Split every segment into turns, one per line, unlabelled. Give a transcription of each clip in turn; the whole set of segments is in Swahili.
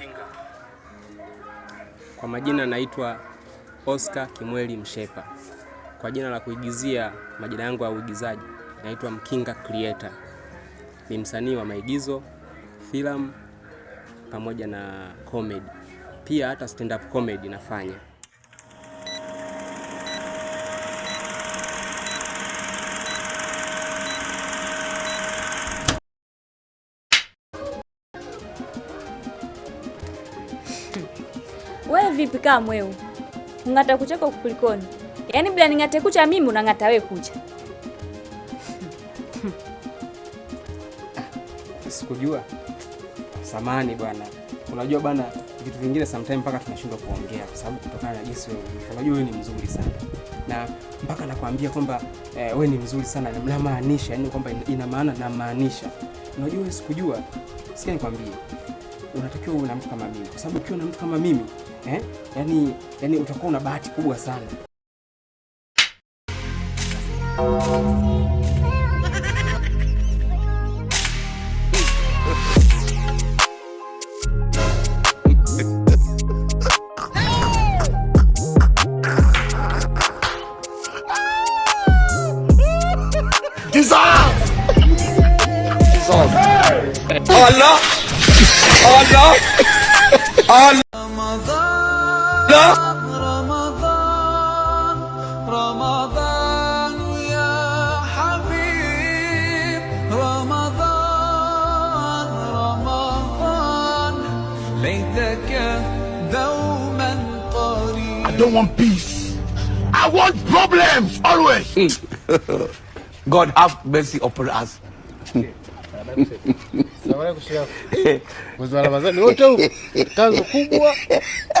kinga. Kwa majina naitwa Oscar Kimweli Mshepa. Kwa jina la kuigizia, majina yangu ya uigizaji naitwa Mkinga Creator. Ni msanii wa maigizo, filamu pamoja na comedy, pia hata stand up comedy nafanya.
Wewe vipi kama mweu? Ung'ata kucha kwa kukulikoni? Yaani bila ning'ate kucha mimi unang'ata wewe kucha.
Sikujua. Samani bwana. Unajua bwana, vitu vingine sometimes mpaka tunashindwa kuongea kwa sababu kutokana na jinsi wewe. Unajua wewe ni mzuri sana. Na mpaka nakwambia kwamba eh, wewe ni mzuri sana na maanisha, yaani kwamba ina maana maanisha. Unajua sikujua. Sikia nikwambie. Unatakiwa uwe na mtu kama mimi kwa sababu ukiwa na mtu kama mimi eh? Yani, yani utakuwa una bahati kubwa sana.
Allah! Allah! Allah! I don't want peace. I want problems always. Hmm.
God have mercy upon us.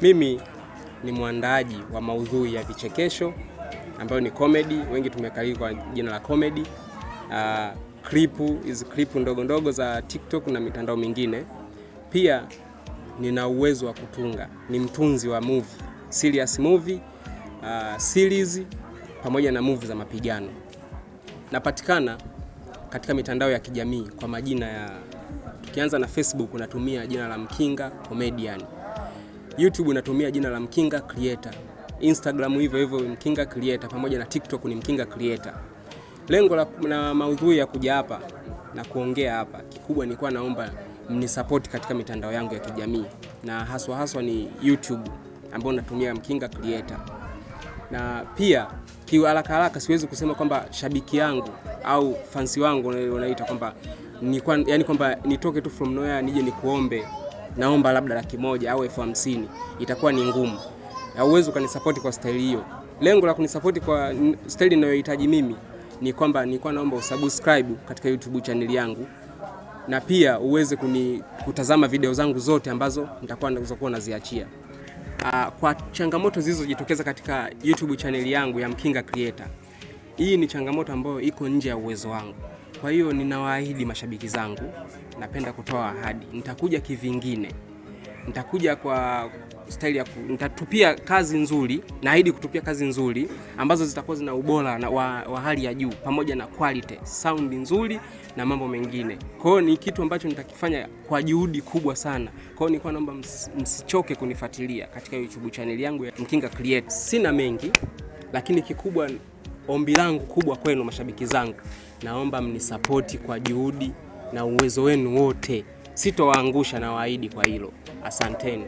Mimi ni mwandaaji wa maudhui ya vichekesho ambayo ni comedy, wengi tumekalii kwa jina la comedy. Uh, ah, klipu hizi klipu ndogo ndogo za TikTok na mitandao mingine. Pia nina uwezo wa kutunga, ni mtunzi wa movie, serious movie, uh, series pamoja na movie za mapigano. Napatikana katika mitandao ya kijamii kwa majina ya tukianza na Facebook unatumia jina la Mkinga Comedian. YouTube unatumia jina la Mkinga Creator. Instagram hivyo hivyo Mkinga Creator pamoja na TikTok ni Mkinga Creator. Lengo la na maudhui ya kuja hapa na kuongea hapa kikubwa, nilikuwa naomba mnisupport katika mitandao yangu ya kijamii na haswa haswa ni YouTube ambayo natumia Mkinga Creator. Na pia kiharaka haraka siwezi kusema kwamba shabiki yangu au fansi wangu wanaita kwamba ni kwa, yani kwamba nitoke tu from nowhere nije nikuombe naomba labda laki moja au elfu hamsini itakuwa ni ngumu hauwezi ukanisapoti kwa staili hiyo. Lengo la kunisapoti kwa staili ninayohitaji mimi ni kwamba nilikuwa naomba usubscribe katika YouTube channel yangu na pia uweze kuni, kutazama video zangu zote ambazo nitakuwa nitakuwa naziachia. Uh, kwa changamoto zilizojitokeza katika YouTube channel yangu ya Mkinga Creator. Hii ni changamoto ambayo iko nje ya uwezo wangu. Kwa hiyo ninawaahidi mashabiki zangu, napenda kutoa ahadi, nitakuja kivingine nitakuja kwa staili ya nitatupia kazi nzuri, naahidi kutupia kazi nzuri ambazo zitakuwa zina ubora na wa, wa hali ya juu pamoja na quality sound nzuri na mambo mengine. Kwa hiyo ni kitu ambacho nitakifanya kwa juhudi kubwa sana. Kwa hiyo nilikuwa naomba ms, msichoke kunifuatilia katika YouTube channel yangu ya Mkinga Create. Sina mengi, lakini kikubwa, ombi langu kubwa kwenu mashabiki zangu, naomba mnisapoti kwa juhudi na uwezo wenu wote sitowaangusha na waahidi kwa hilo. Asanteni.